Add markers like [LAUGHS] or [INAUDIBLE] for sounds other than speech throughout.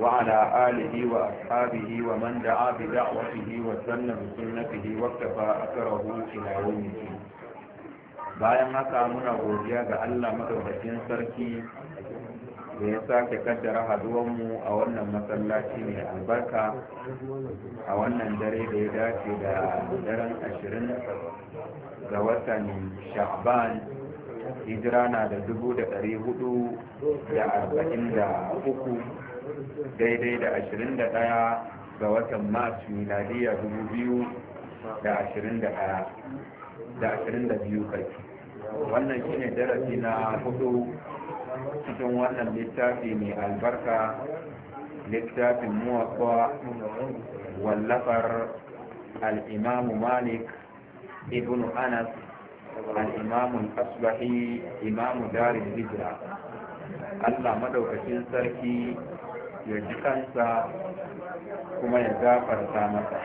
وعلى آله وأصحابه ومن دعا بدعوته وسن بسنته واكتفى أثره إلى يوم الدين bayan haka muna godiya ga Allah madaukakin sarki da ya sake kaddara haduwanmu a wannan masallaci mai albarka a wannan dare da ya dace da daren ashirin ga watan sha'ban hijira na da dubu da ɗari hudu da arba'in da uku daidai da 21 ga watan mars miladiya biyu da da 22 kai wannan shine darasi na hudu cikin wannan littafi mai albarka littafin muwaffa wallafar al'imamu malik ibn anas Al'imamun asbahi imamu darin hijira allah madaukakin sarki ya ji kansa kuma ya gafarta masa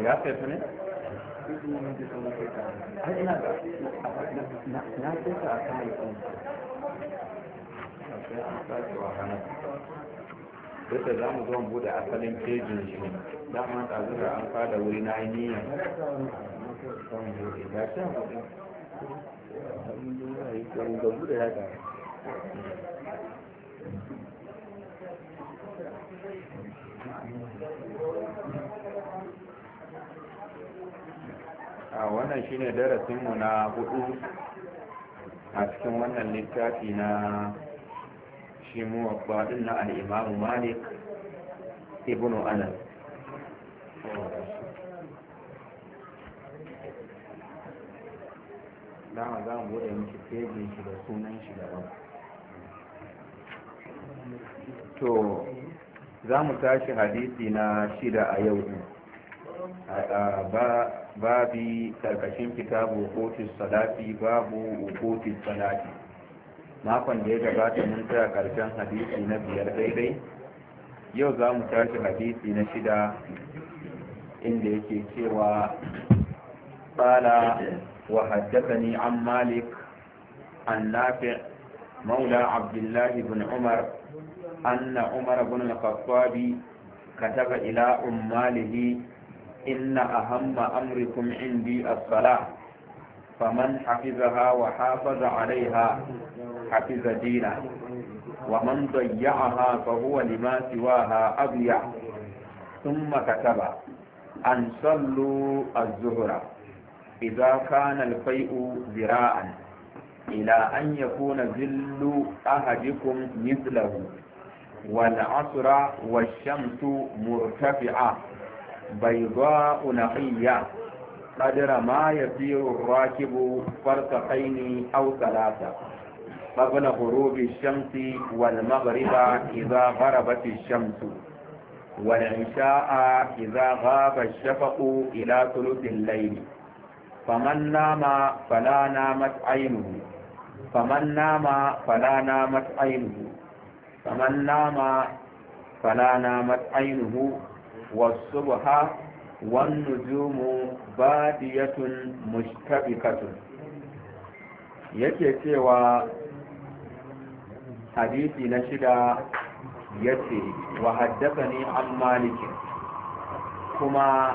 ya ne? na da za mu zo bude asalin kejin shi ne an fada wuri na yi niyan ga a wannan shine darasinmu na hudu a cikin wannan littafi na shi muwaɓaɗin na al'imamu malik ibn anas dama za mu buɗe miki pejin shi da sunan shi daban to za mu tashi hadisi na shida a yau babi karkashin kitabu hukotis salati babu hukotis salati makon da ya gabata mun tsaya karshen hadisi na biyar daidai yau za mu tashi hadisi na shida inda yake cewa tsala wa ni an malik an nafi maula abdullahi bin umar أن عمر بن الخطاب كتب إلى أماله إن أهم أمركم عندي الصلاة فمن حفظها وحافظ عليها حفظ دينه ومن ضيعها فهو لما سواها أضيع ثم كتب أن صلوا الزهر إذا كان الفيء ذراعا إلى أن يكون ذل أحدكم مثله والعصر والشمس مرتفعة بيضاء نقية قدر ما يسير الراكب فرسخين أو ثلاثة قبل غروب الشمس والمغرب إذا غربت الشمس والعشاء إذا غاب الشفق إلى ثلث الليل فمن نام فلا نامت عينه فمن نام فلا نامت عينه فمن nama فلا نامت ainuhu والصبح والنجوم بادية مشتبكة yake cewa hadisi na shida yace wa ne an malik kuma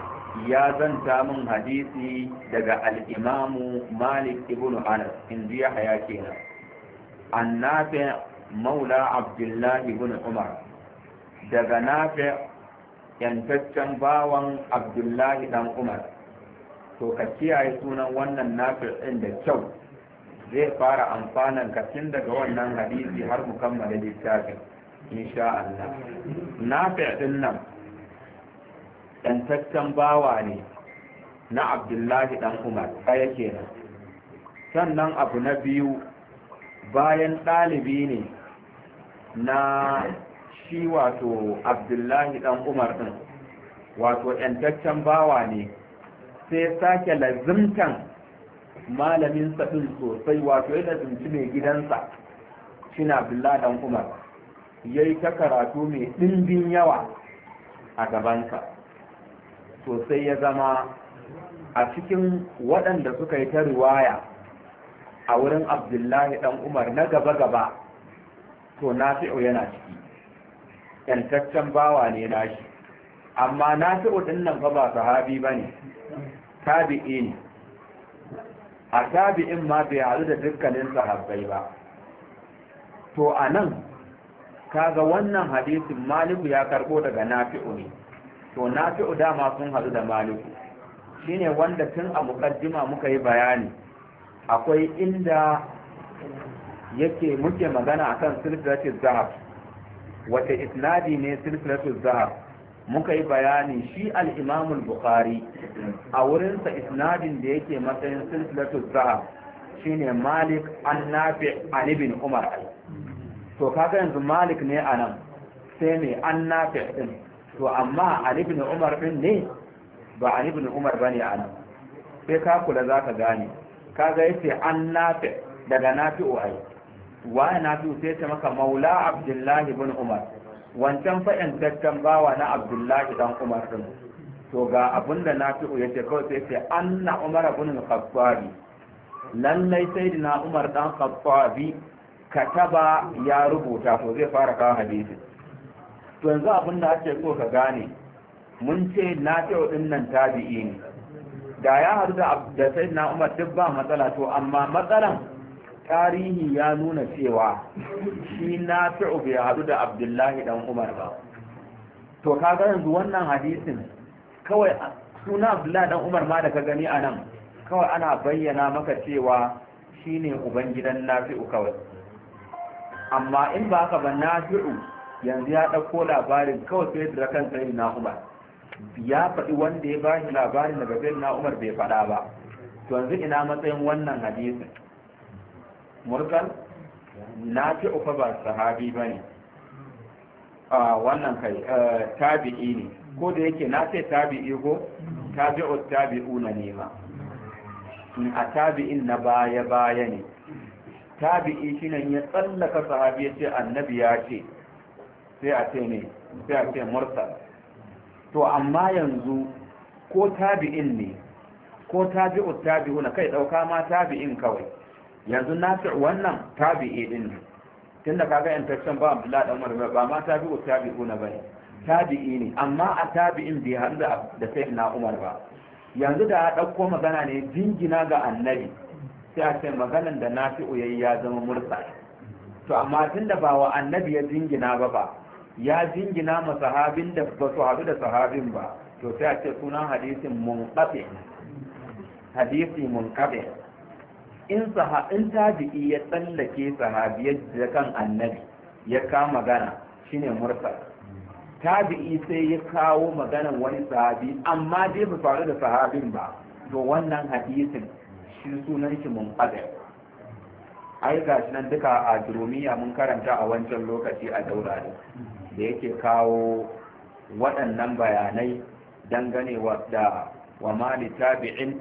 ya zanta min hadisi daga al-imamu malik ibn anas inji ya haya kenan annabi maula abdullahi bin umar daga nafi yantaccen bawan abdullahi dan umar to ka kiyaye sunan wannan nafi ɗin da kyau zai fara amfanan ka tun daga wannan hadisi har mu kammala littafin insha Allah nafi ɗin nan yantaccen bawa ne na abdullahi dan umar ɗaya kenan sannan abu na biyu bayan ɗalibi ne na shi wato abdullahi dan umar din wato yantaccen bawa ne sai sake lazimtan malaminsa din sosai wato ya lazimci mai gidansa shi na abdullahi dan umar ya yi ta karatu mai ɗimbin yawa a gabansa sosai ya zama a cikin waɗanda suka yi ta riwaya a wurin abdullahi Dan umar na gaba-gaba to nafi'u yana ciki yantaccen bawa ne nashi amma nafi'u din nan fa ba sahabi bane tabi'i ne a tabi'in ma bai haɗu da dukkanin sahabbai ba to a kaga wannan hadisin maliku ya karbo daga nafi'u ne to nafi'u dama sun haɗu da maliku shine wanda tun a mukaddima muka yi bayani akwai inda yake muke magana akan silsilatu zahab wata isnadi ne silsilatu zahab muka yi bayani shi al-imam bukhari a wurinsa isnadin da yake matsayin silsilatu zahab shine malik an nafi an umar to kaga yanzu malik ne anan sai ne an nafi din to amma an bin umar din ne ba an bin umar bane anan sai ka kula zaka gane kaga yace an nafi daga nafi'u ai wa na fi sai ta maka maula abdullahi bin umar wancan fa'in dattan bawa na abdullahi dan umar din to ga abin da na fi ce kawai sai sai anna umar bin khattabi lallai sai na umar dan khattabi kataba ya rubuta to zai fara kawo hadisi to yanzu abin da ake so ka gane mun ce na ce din nan tabi'i ne da ya haɗu da sai na umar duk ba matsala to amma matsalan tarihi ya nuna cewa shi nafi'u bai haɗu da abdullahi dan umar ba to kaga yanzu wannan hadisin kawai suna abdullahi dan umar ma da ka gani a nan kawai ana bayyana maka cewa shi ne ubangidan nafi'u kawai amma in ba ka ba nafi'u yanzu ya ɗauko labarin kawai sai da kan sai na umar ya faɗi wanda ya bashi labarin daga sai na umar bai faɗa ba to yanzu ina matsayin wannan hadisin na fi ufa ba sahabi ba ne wannan kai tabi'i ne ko da yake na fi tabi'i ko tabi'u tabi'una ne ma a tabi'in na baya baya ne tabi'i shi ne ya tsallaka sahabi ya ce annabi ya ce sai a ce ne sai a ce mursal to amma yanzu ko tabi'in ne ko tabi'u na kai dauka ma tabi'in kawai yanzu na fi wannan tabi'i din ne da kaga yan yantaccen ba abdullahi dan umar ba ma tabi'u tabi'u na bane tabi'i ne amma a tabi'in bai haɗu da na umar ba yanzu da ya ɗauko magana ne jingina ga annabi sai a ce maganan da na fi yayi ya zama mursa to amma tun da ba wa annabi ya jingina ba ba ya jingina ma sahabin da ba su haɗu da sahabin ba to sai a ce sunan hadisin hadisi munqati in saha in tabi'i ya tsallake sahabiyar da kan annabi ya kama magana shine Murtala, tabi'i sai ya kawo maganan wani sahabi amma dai ba faru da sahabin ba to wannan hadisin shi sunan shi munqadi ai shi nan duka a durumiya mun karanta a wancan lokaci a daura da yake kawo waɗannan bayanai dangane da wa mali tabi'in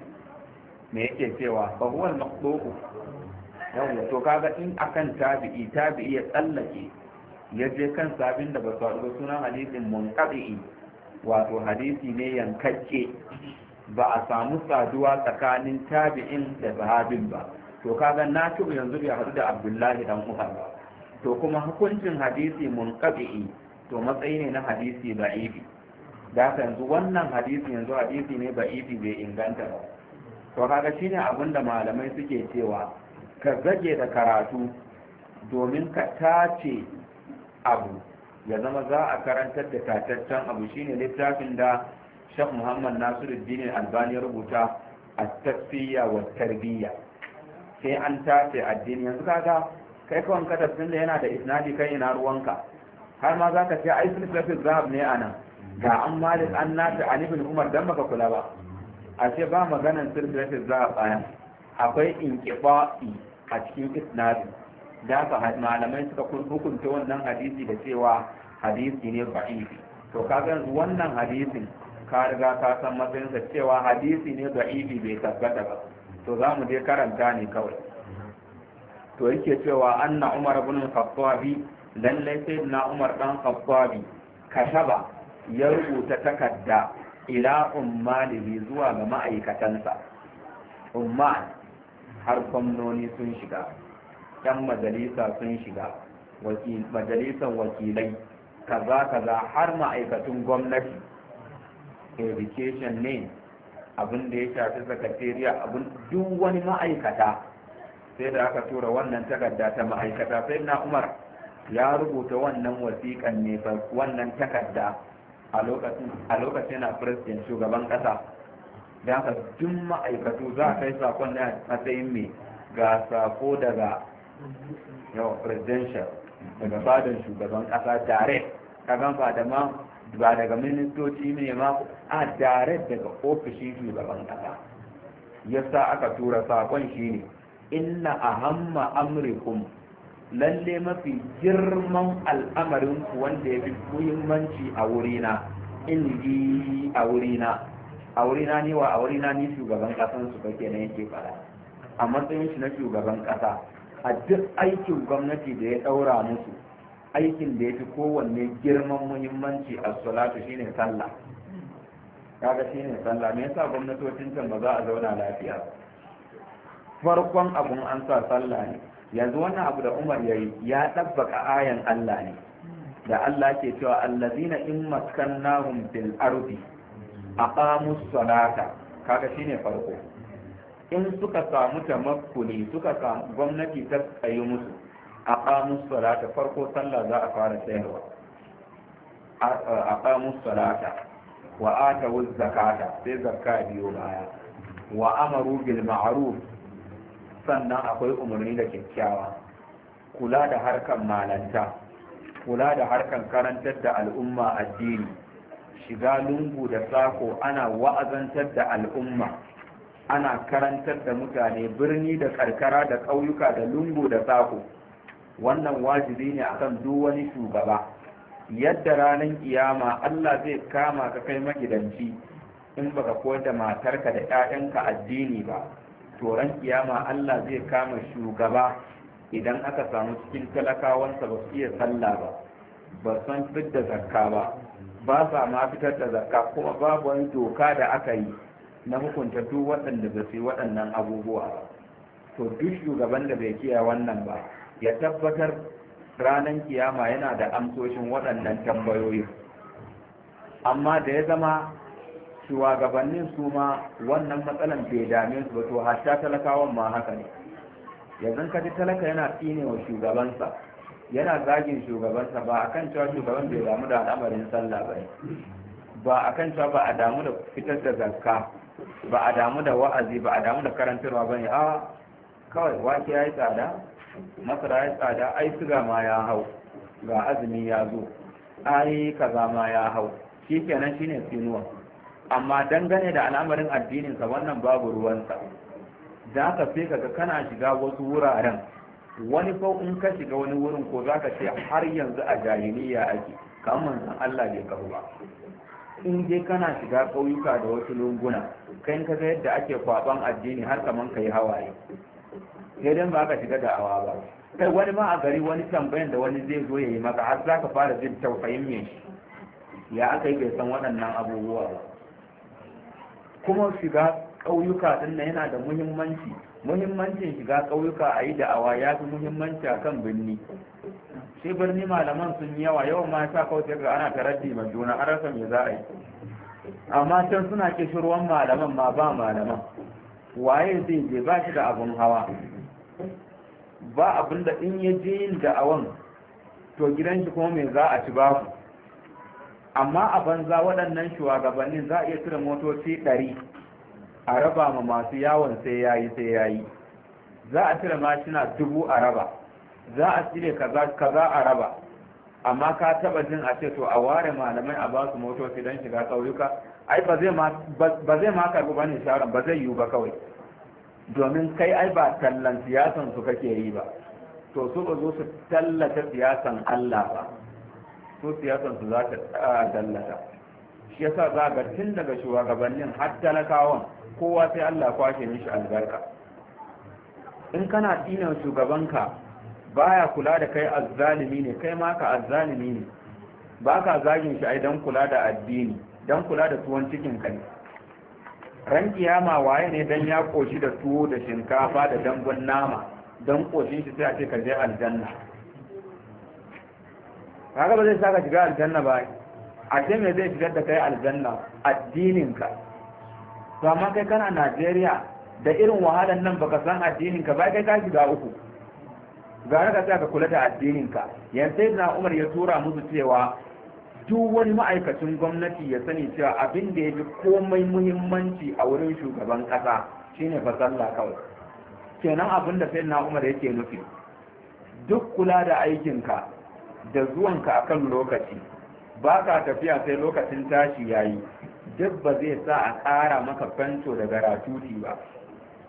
me yake cewa ba huwa al-maqdu'u to kaga in akan tabi'i tabi'i ya tsallake ya je kan sabin da ba su haɗu sunan hadisin munqati wato hadisi ne yankacce ba a samu saduwa tsakanin tabi'in da sahabin ba to kaga na yanzu bai haɗu da abdullahi dan umar to kuma hukuncin hadisi munqati to matsayi ne na hadisi da'ifi da yanzu wannan hadisi yanzu hadisi ne da'ifi bai inganta ba to kaga shine abin da malamai suke cewa ka zage da karatu domin ka tace abu ya zama za a karantar da tataccen abu shine littafin da Sheikh Muhammad Nasiruddin Albani ya rubuta a tafiya wa tarbiyya sai an tace addini yanzu kaga kai ka tafsirin da yana da isnadi kai ina ruwanka har ma zaka ce ai sun zahab ne anan ga an malik an nata an ibn umar dan baka kula ba a ce ba maganan sirfirafis za a tsaya akwai inkifa'i a cikin isnadi da ka malamai suka hukunta wannan hadisi da cewa hadisi ne ba'ifi to ka wannan hadisin ka riga ka san matsayinsa cewa hadisi ne ba'ifi bai tabbata ba to za mu je karanta ne kawai to yake cewa na umar bin khattabi lallai sai na umar dan khattabi kasaba ya rubuta takarda ila ummalihi zuwa ga ma'aikatansa umma har gwamnoni sun shiga yan majalisa sun shiga majalisan wakilai kaza kaza har ma'aikatun gwamnati education ne abin da ya shafi sakatariya abin duk wani ma'aikata sai da aka tura wannan takarda ta ma'aikata sai na umar ya rubuta wannan wasiƙan ne wannan takarda a lokacin na firistin shugaban kasa da haka duk ma'aikatu za a kai sakon na matsayin mai ga sako daga yau presidential daga fadin shugaban kasa direct kagan ba da ma ba daga ministoci ne ma a direct daga ofishin shugaban kasa yasa aka tura sakon ne. inna ahamma amrikum lalle mafi girman al'amarin ku wanda ya fi muhimmanci a wurina in ilgi a wurina a wurina ne wa a wurina ni shugaban kasan su kake na yake fara a matsayin shi na shugaban kasa a duk aikin gwamnati da ya ɗaura musu aikin da ya fi kowanne girman muhimmanci a salatu shine sallah kaga shine sallah me yasa gwamnatocin can ba za a zauna lafiya farkon abun an sa sallah ne yanzu wannan abu da umar ya yi ya ɗabbaka ayan allah ne da allah ke cewa allazina in maskannahum fil ardi aqamus salata kaga shine farko in suka samu tamakkuli suka samu gwamnati ta tsayi musu aqamus salata farko sallah za a fara sayarwa aqamus salata wa atawuz zakata sai zakka biyo baya wa amaru bil ma'ruf sannan akwai umarni da kyakkyawa kula da harkan malanta kula da harkan karantar da al'umma addini shiga lungu da sako ana wa'azantar da al'umma ana karantar da mutane birni da karkara da ƙauyuka da lungu da sako wannan wajibi ne akan duk wani shugaba yadda ranar kiyama Allah zai kama ka kai magidanci in baka koyar da matarka da 'ya'yanka addini ba toron kiyama Allah zai kama shugaba idan aka samu cikin talakawansa ba su iya sallah ba ba san fidda zakka ba ba sa ma fitar da zakka kuma babu wani doka da aka yi na hukunta duk waɗanda ba su yi waɗannan abubuwa to duk shugaban da bai kiya wannan ba ya tabbatar ranar kiyama yana da amsoshin waɗannan tambayoyin amma da ya zama shugabannin su ma wannan matsalan bai dame su ba to hatta talakawan ma haka ne yanzu ka ji talaka yana tsine wa shugabansa yana zagin shugabansa ba a kan cewa shugaban bai damu da al'amarin sallah ba ba a kan cewa ba a damu da fitar da zakka ba a damu da wa'azi ba a damu da karantarwa ba ne a kawai wake ya yi tsada masara ya yi tsada ai suga ma ya hau ga azumi ya zo ai kaza ma ya hau shi kenan shine tsinuwa amma dangane da al'amarin addininsa wannan babu ruwansa da aka sai ga kana shiga wasu wuraren wani fa in ka shiga wani wurin ko zaka ce har yanzu a jahiliya ake kamar san Allah bai karu ba in dai kana shiga ƙauyuka da wasu lunguna kai ka ga yadda ake kwaban addini har kaman kai hawaye sai dan ba ka shiga da awa ba kai wani ma a gari wani tambayan da wani zai zo ya yayi maka har zaka fara jin tausayin ya aka yi bai san waɗannan abubuwa ba kuma shiga ƙauyuka din nan yana da muhimmanci muhimmancin shiga ƙauyuka a yi da'awa ya fi muhimmanci a kan birni shi birni malaman sun yi yawa yawan ma sa kautar ga ana taraddi ma juna a rasa me za a yi amma can suna kishirwan malaman ma ba malaman waye zai je ba shi da abun hawa ba abin da in ya je yin da'awan to gidan shi kuma me za a ci ku? amma a banza waɗannan shugabannin za a iya cire motoci ɗari a raba ma masu yawon sai yayi sai yayi za a cire mashina dubu a raba za a cire kaza a raba amma ka taba jin a ce to a ware malamai a basu motoci don shiga ƙauyuka ai ba zai ma karɓi ba ne sharon ba zai yiwu ba kawai domin kai ai ba tallan siyasan su kake yi ba to su ba zo su tallata siyasan Allah ba su za ta dallata shi yasa za ga tun daga shugabannin har talakawan kowa sai Allah kwashe mishi albarka in kana shugaban shugabanka baya kula da kai azzalimi ne kai ma ka azzalimi ne baka zagin shi ai dan kula da addini dan kula da tuwon cikin kai ran kiyama waye ne dan ya koshi da tuwo da shinkafa da dangon nama dan koshin shi sai a ce ka je aljanna kaga ba zai saka shiga aljanna ba a ce me zai shigar da kai aljanna addinin ka to amma kai kana Najeriya da irin wahalan nan baka san addinin ka ba kai ka shiga uku gara ka ka kula da addinin ka yanzu na Umar ya tura musu cewa duk wani ma'aikacin gwamnati ya sani cewa abin da ya komai muhimmanci a wurin shugaban kasa shine fa kawai kenan abin da Umar yake nufi duk kula da aikin ka da zuwanka akan lokaci ba ka tafiya sai lokacin tashi yayi duk ba zai sa a ƙara maka fento daga ratuti ba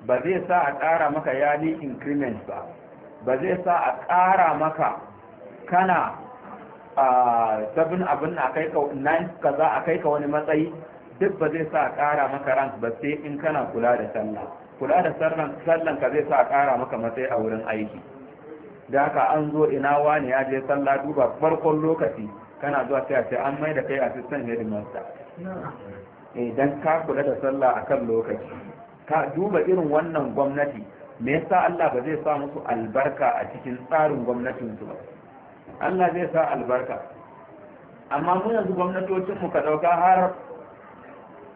ba zai sa a ƙara maka yali increment ba ba zai sa a ƙara maka kana a sabin abin a kai ka nan a kai ka wani matsayi duk ba zai sa a ƙara maka rank ba sai in kana kula da sallah kula da sallan ka zai sa a ƙara maka matsayi a wurin aiki da haka an zo ina wani ya je sallah duba farkon lokaci kana zuwa sai a ce an mai da kai assistant headmaster idan eh, ka kula da sallah kan lokaci ka duba irin wannan gwamnati me yasa Allah ba zai sa musu albarka a cikin tsarin gwamnatin su ba Allah zai sa albarka amma mu yanzu gwamnatocin mu ka dauka har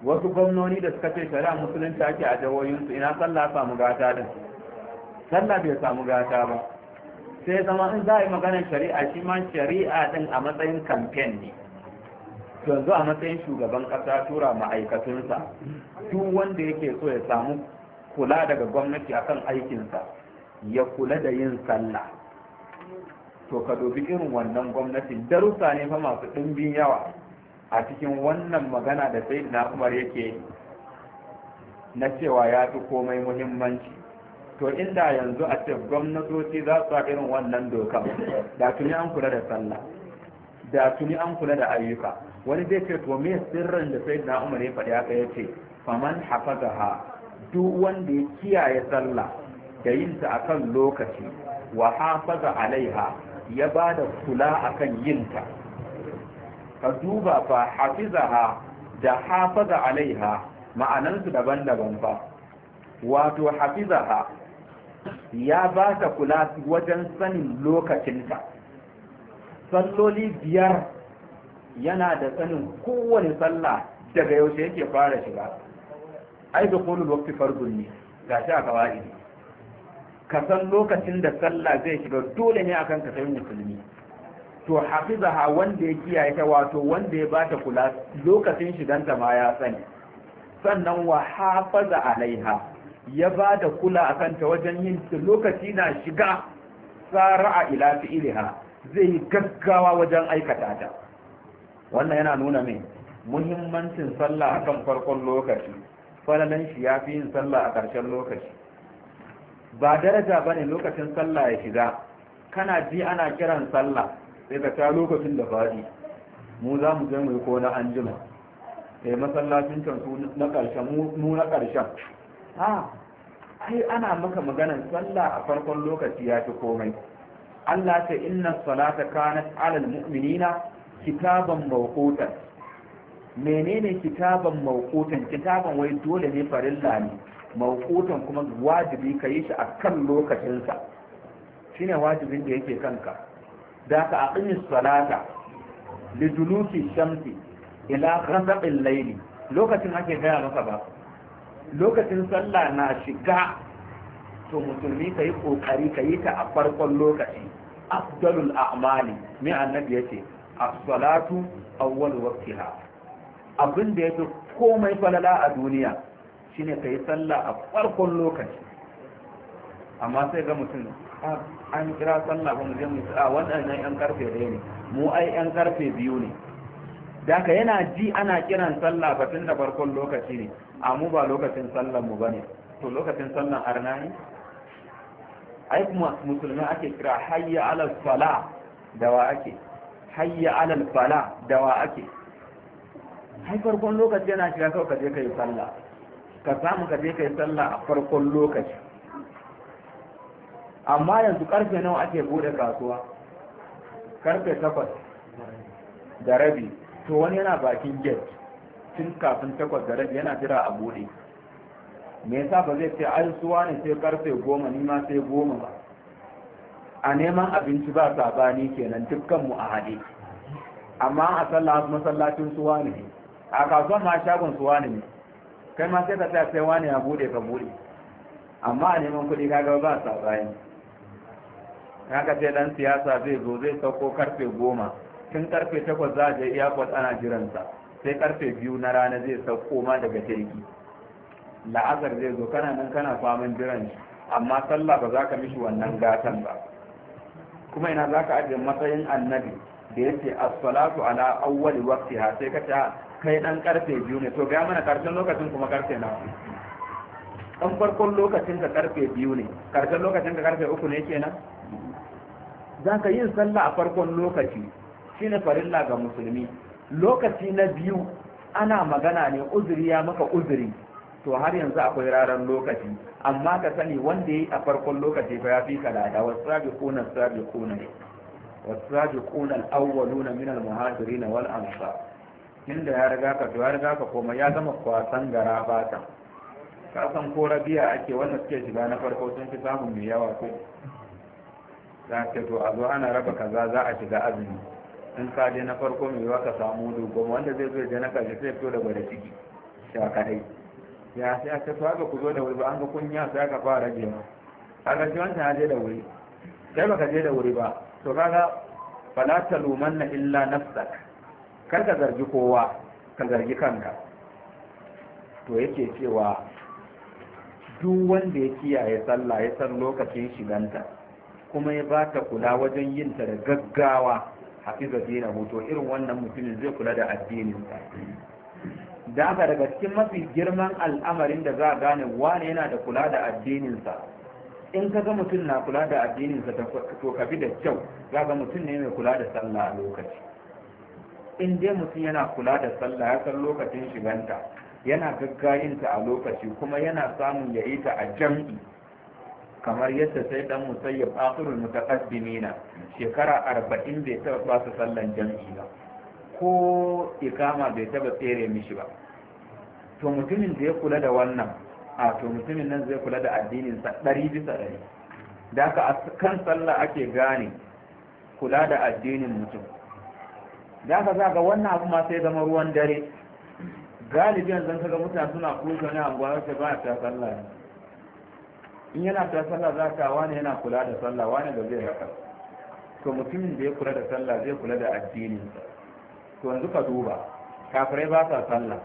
wasu gwamnoni da suka ce shari'a musulunci ake a jawoyin su ina sallah samu gata din sallah bai samu gata ba sai zama in za a yi maganar shari'a shi ma shari'a din a matsayin kamfen ne yanzu a matsayin shugaban kasa tura ma'aikatunsa duk wanda yake so ya samu kula daga gwamnati akan aikinsa ya kula da yin sallah to ka dobi irin wannan gwamnati, darussa ne fa masu ɗimbin yawa a cikin wannan magana da sai na umar yake na cewa ya fi komai muhimmanci to inda yanzu a ce gwamnatoci za su irin wannan dokan da tuni an kula da sallah da tuni an kula da ayyuka wani zai ce to me sirrin da sai na umar ya faɗi haka ya ce faman ha, duk wanda ya kiyaye sallah da yin ta akan lokaci wa hafaza alaiha ya ba da kula akan yin ta ka duba fa hafizaha da hafaza alaiha ma'anansu daban-daban ba wato ha ya ba ta kula wajen sanin lokacinta salloli biyar yana da sanin kowane sallah daga yaushe yake fara shiga ai da kullu waqti ne ne shi a kawai ka san lokacin da sallah zai shiga dole ne akan ka sai musulmi to ha wanda ya kiyaye ta wato wanda ya ba ta kula lokacin shiganta ma ya sani sannan wa hafaza alaiha ya ba da kula a kanta wajen yin lokaci na shiga tsara a ilafi iliha zai yi gaggawa wajen aikata ta wannan yana nuna mai muhimmancin sallah a kan farkon lokaci falalan shi ya fi yin sallah a ƙarshen lokaci ba daraja ba ne lokacin sallah ya shiga kana ji ana kiran sallah sai ka ta lokacin da faɗi mu za mu je mu yi ko na anjima sai eh, masallacin can su na ƙarshen mu na ƙarshen ha ai ana maka maganan sallah a farkon lokaci ya fi komai Allah ta inna salata kanat alal mu'minina kitaban mawqutan menene kitaban mawqutan kitaban wai dole ne farilla ne mawqutan kuma wajibi ka yi shi a kan lokacinsa shine wajibin da yake kanka da ka aqimi salata liduluki shamsi ila ghasaqil layli lokacin ake gaya maka ba lokacin sallah na shiga to musulmi ka yi ƙoƙari ka yi ta a farkon lokaci afdalul a'mali mai annabi ya ce as-salatu awwal waqtiha abin da yake komai falala a duniya shine ka yi sallah a farkon lokaci amma sai ga mutum ah, an kira sallah ba mu je mu a wannan yan karfe da ne mu ai yan karfe biyu ne da yana ji ana kiran sallah batun da farkon lokaci ne a mu ba lokacin sallan mu bane to lokacin sallan arna ai kuma musulmi ake kira hayya alal fala da wa ake hayya alal fala da wa ake ai farkon lokaci yana shiga kawai ka je ka sallah ka samu ka je kai sallah a farkon lokaci amma yanzu karfe nawa ake bude kasuwa karfe takwas da rabi to wani yana bakin gate tun kafin takwas da rabi yana jira a bude me yasa ba zai ce ai suwa ne sai karfe goma ni ma sai goma ba a neman abinci ba sabani kenan dukkan mu a haɗe amma a sallah masallacin suwa ne a kasuwan ma shagon suwa ne kai ma sai ka tsaya sai wani ya bude ka bude amma a neman kuɗi kaga ba sabani haka sai dan siyasa zai zo zai sauko karfe goma tun karfe takwas za a je airport ana jiransa sai karfe biyu na rana zai sauko ma daga jirgi la'azar zai zo kana nan kana famin jiran shi amma sallah ba za ka mishi wannan gatan ba kuma ina za ka ajiye matsayin annabi da ya ce asfalatu ala awwali ha sai ka ta ah, kai dan karfe biyu ne to ga mana karshen lokacin kuma karfe na dan farkon lokacin ka karfe biyu ne karshen lokacin ka karfe uku ne kenan za ka yin sallah a farkon lokaci shine farilla ga musulmi lokaci na biyu ana magana ne uzuri ya maka uzuri to har yanzu akwai raran lokaci amma ka sani wanda ya yi a farkon lokaci fa ya fi ka wasu kuna sabi kuna wasu rabi kuna al'awwalu na minal muhajiri na wal amsa inda ya riga ka to ya riga ka koma ya zama kwasan gara bata ka san ko rabiya ake wanda suke shiga na farko sun fi samun mai yawa ko za ta to a zo ana raba kaza za a shiga azumi in ka je na farko mai yiwa ka samu dogon wanda zai zo ya na kashi sai fito da gwada ciki sha kadai ya sai aka to haka ku zo da wuri ba an ga kunya sai aka fara ma A shi wancan ya je da wuri sai baka je da wuri ba to kaga fala talumanna illa nafsak kar ka zargi kowa ka zargi kanka to yake cewa duk wanda ya kiyaye sallah ya san lokacin shiganta kuma ya ba ta kula wajen yin ta da gaggawa hafiza dina to irin wannan mutumin zai kula da addininsa da haka daga cikin mafi girman al'amarin da za a gane wane yana da kula da addininsa in ka ga mutum na kula da addininsa to ka bi da kyau za ga mutum ne mai kula da sallah a lokaci in dai mutum yana kula da sallah ya san lokacin shiganta yana gaggayinta a lokaci kuma yana samun ya yi ta a jam'i kamar yadda sai dan musayyab akhirul mutaqaddimina shekara 40 bai taba ba su sallan jami'i ba ko ikama bai taba tsere mishi ba to mutumin da ya kula da wannan a to mutumin nan zai kula da addinin sa ɗari bisa ɗari da ka a kan sallah ake gane kula da addinin mutum da ka za ga wannan abu ma sai zama ruwan dare galibi yanzu kaga mutane suna kusa ne a gwamnati ba ta sallah in yana ta sallah za ka wani yana kula da sallah wani da zai haka to mutumin da ya kula da sallah zai kula da addinin to yanzu ka duba kafirai ba sa sallah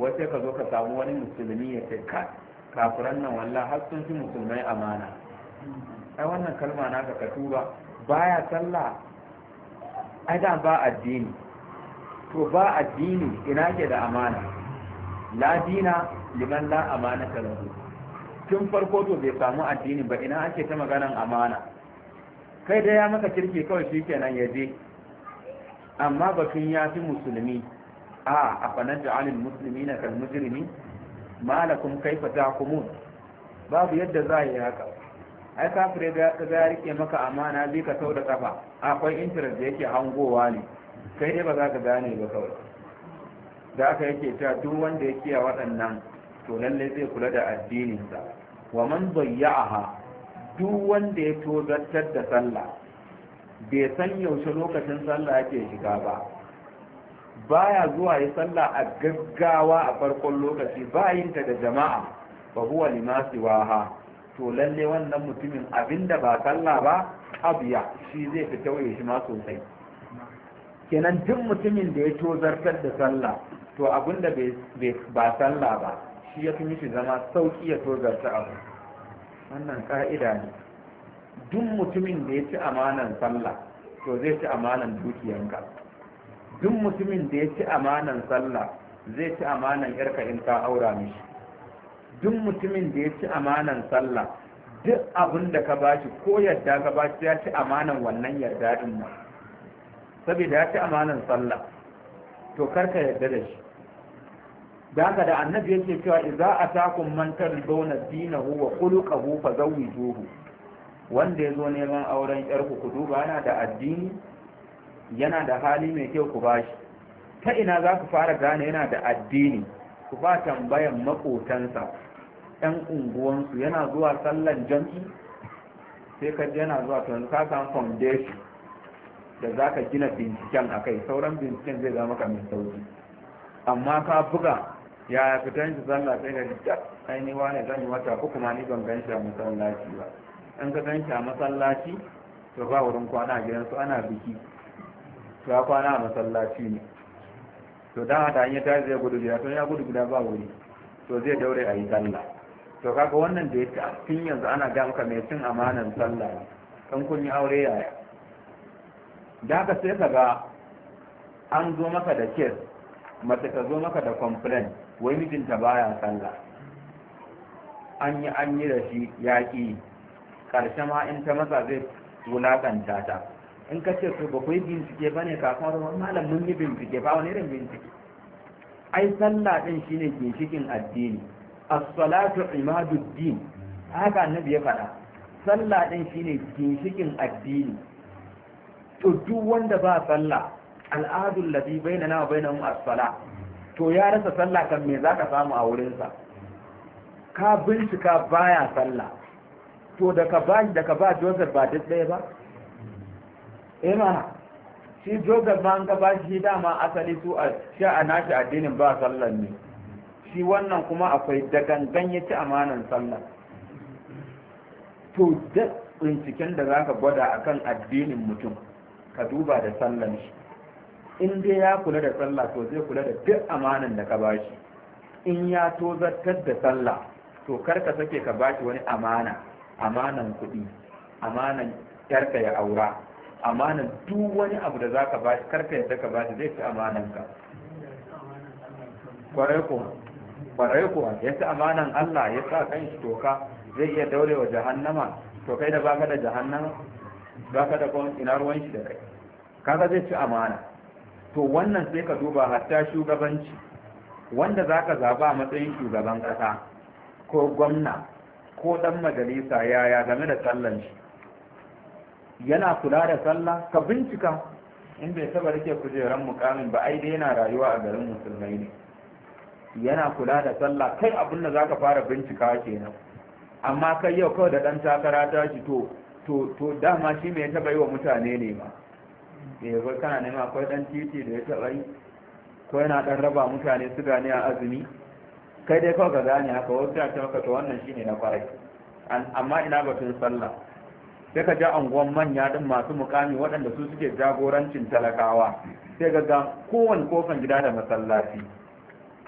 wace ka zo ka samu wani musulmi ya ce ka kafiran nan wallah har sun fi musulmai amana ai wannan kalma na ka tuba baya sallah ai da ba addini to ba addini ina ke da amana la dina liman la amana lahu tun farko to bai samu addini ba ina ake ta maganan amana kai da ya maka kirki kawai shi kenan ya je amma batun ya fi musulmi a a fanar alin musulmi na kan mujirmi malakum kai fata kumun babu yadda za yi haka ai kafire ga ya rike maka amana bi ka sau da kafa akwai interest da yake hangowa ne kai dai ba za ka gane ba kawai da aka yake ta duk wanda ya kiya waɗannan to lallai zai kula da addininsa wa man zayya'aha duk wanda ya tozartar da sallah bai san yaushe lokacin sallah yake shiga ba baya zuwa ya sallah a gaggawa a farkon lokaci ba ta da jama'a ba huwa limasi waha to lalle wannan mutumin abinda ba sallah ba abiya shi zai fi tauye shi ma sosai kenan duk mutumin da ya tozartar da sallah to abinda ba sallah ba shi ya fi zama sauki ya turgarta abu wannan ƙa'ida ne duk mutumin da ya ci amanan sallah to zai ci amanan dukiyanka duk mutumin da ya ci amanan sallah zai ci amanan yarka in ka aura mishi duk mutumin da ya ci amanan sallah duk abin da ka bashi ko yadda ka bashi ya ci amanan wannan yarda din nan saboda ya ci amanan sallah to karka yarda da shi da haka da annabi yake cewa idza atakum man tardawna dinahu wa khuluquhu fazawijuhu wanda yazo neman auren yar ku duba yana da addini yana da hali mai kyau ku bashi ta ina za ku fara gane yana da addini ku ba tambayan makotansa yan unguwansu yana zuwa sallan jam'i sai ka yana zuwa to ka san foundation da zaka gina binciken a kai sauran binciken zai zama ka mai sauki amma ka buga ya fitan shi sallah sai da dukkan aini wane zan yi wata uku ma ni ban ganshi a masallaci ba in ka ganshi a masallaci to ba wurin kwana a gidansu ana biki to ya kwana a masallaci ne to dan haka an ta zai gudu gida to ya gudu gida ba wuri to zai daure a yi sallah to kaga wannan da yake tun yanzu ana ga maka mai cin amanan sallah kan kun yi aure yaya da haka sai kaga an zo maka da kes mace ka zo maka da complaint wai mijinta baya sallah an yi an yi da shi yaƙi ƙarshe ma in ta masa zai wulaƙanta ta in ka ce to ba bincike ba ne kafin ruwan malam mun yi bincike ba wani irin bincike ai sallah din shine ginshikin addini as-salatu imaduddin haka annabi ya faɗa sallah din shine ginshikin addini to duk wanda ba sallah al'adul ladhi bainana wa bainahum as-salah to ya rasa sallah kan me za samu a wurinsa ka bincika baya sallah to da ba da ba joseph ba duk ɗaya ba eh ma shi joseph ban ga ka ba shi dama asali su a shi a nashi addinin ba sallar ne shi wannan kuma akwai da gangan ya ci amanan sallah to da binciken da za gwada akan addinin mutum ka duba da sallan shi in dai ya kula da sallah to zai kula da duk amanan da ka bashi in ya tozartar da sallah to karka sake ka bashi wani amana amanan kuɗi amanan yarka ya aura amanan duk wani abu da za ka bashi karka ya yadda ka bashi zai fi amanan ka kwarai kuwa ya ci amanan Allah ya sa kan shi toka zai iya daurewa jahannama to kai da baka da jahannama baka da kwan ina ruwan shi da kai kaga zai ci amana to wannan sai ka duba hatta shugabanci wanda za ka zaba a matsayin shugaban ƙasa ko gwamna ko ɗan majalisa yaya game da sallan shi yana kula da sallah ka bincika in bai saba rike kujeran mukamin ba ai dai yana rayuwa a garin musulmai ne yana kula da sallah kai abinda da za ka fara bincika kenan amma kai yau kawai da ɗan takara ta shi to to dama shi mai taɓa yi wa mutane ne ma ya eh, bai kana nema akwai dan titi da ya taɓa yi ko yana dan raba mutane su gane a azumi kai dai kawai ka gane haka wasu ya ce maka to wannan shine na kwarai amma ina batun sallah sai ka ja unguwan manya din masu mukami waɗanda su suke jagorancin talakawa sai ga ga kowane kofan gida da masallaci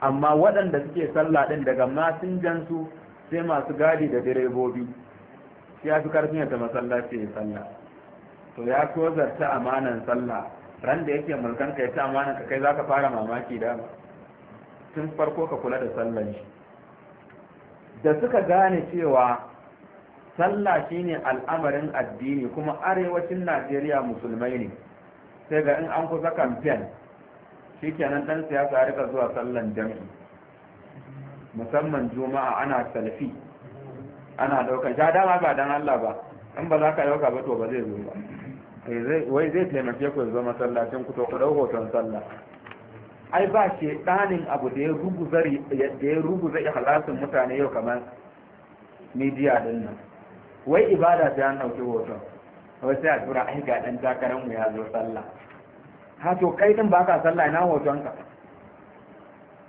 amma waɗanda suke sallah din daga masinjan su sai masu gadi da direbobi ya fi karfin yadda masallaci ya sallah to ya tozarta amanan sallah ran da yake mulkan ka ta amanan ka kai zaka fara mamaki da tun farko ka kula da sallan shi da suka gane cewa sallah shine al'amarin addini kuma arewacin Najeriya musulmai ne sai ga in an kusa kamfen shikenan dan siyasa ya rika zuwa sallan jami'i musamman juma'a ana salfi ana daukan sha dama ba dan Allah ba in ba za ka dauka ba to ba zai zo ba Eh, wai zai taimake ku sallah masallacin ku to ku dau hoton sallah ai ba shi ɗanin abu da ya ruguza da ya ruguza ikhlasin mutane yau kamar media din nan wai ibada ta an dauki hoton wai sai a tura ai ga dan takaran mu ya zo sallah ha to kai din baka sallah ina hoton ka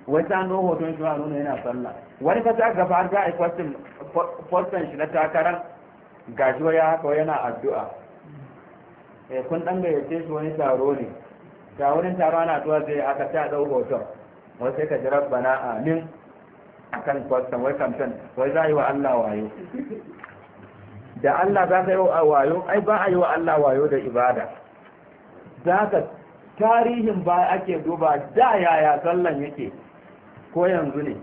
wai ta no hoton shi a nuna yana sallah wani ka ta gaba har za a yi postin shi na takaran gashi ya haka yana addu'a Eh, kun dan gayyace shi wani taro ne ga wurin taro ana zuwa zai aka ta dau hoton wai sai ka ji rabbana amin akan kwastan wai kamtan wai za yi wa Allah wayo da Allah za ka yi wa wayo ai ba a yi wa Allah wayo da ibada za ka tarihin ba ake duba da yaya sallan yake ko yanzu ne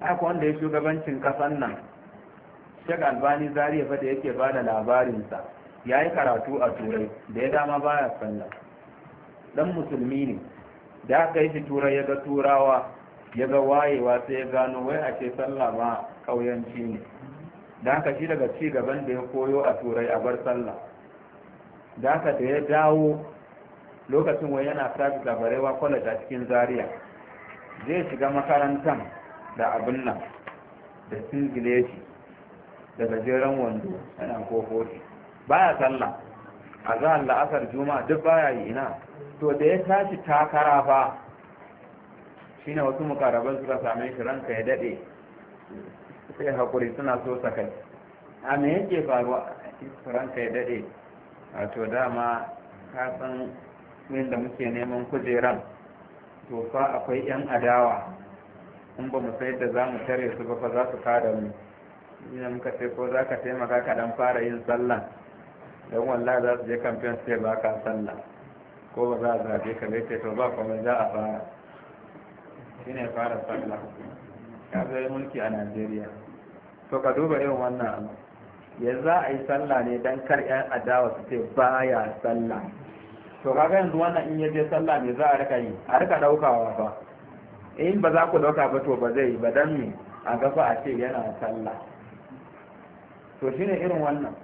haka wanda ya shugabancin kasan nan shek albani zariya fa da yake ba da labarinsa ya yi karatu a turai da ya dama baya sallah dan musulmi ne da aka yi shi turai ya ga turawa ya ga wayewa sai ya gano wai a ce sallah ma kauyanci ne da aka shi daga ci gaban da ya koyo a turai a bar sallah da aka da ya dawo lokacin wai yana sabi gabarewa kwalaj a cikin zaria zai shiga makarantar da abin nan da singileti da gajeren wando yana kofofi baya sallah a zan la'asar juma'a duk baya yi ina to da ya tashi takara fa shine wasu mukaraban suka same shi ranka ya dade sai hakuri suna so sakai a me yake faruwa ranka ya dade To dama ka san da muke neman kujeran to fa akwai yan adawa in ba mu sai da za mu tare su ba fa za su kada mu ina muka sai ko za ka taimaka kaɗan fara yin sallan don wallahi za su je kamfen sai ba ka sallah ko ba za a zabe ka bai to ba kuma za a fara shi ne fara sallah ka zai mulki a najeriya to ka duba irin wannan abu ya za a yi sallah ne don kar yan adawa su ce baya sallah to kaga yanzu wannan in ya je sallah ne za a rika yi a rika daukawa ba in ba za ku dauka ba to ba zai yi ba dan me a gaba a ce yana sallah to shine irin wannan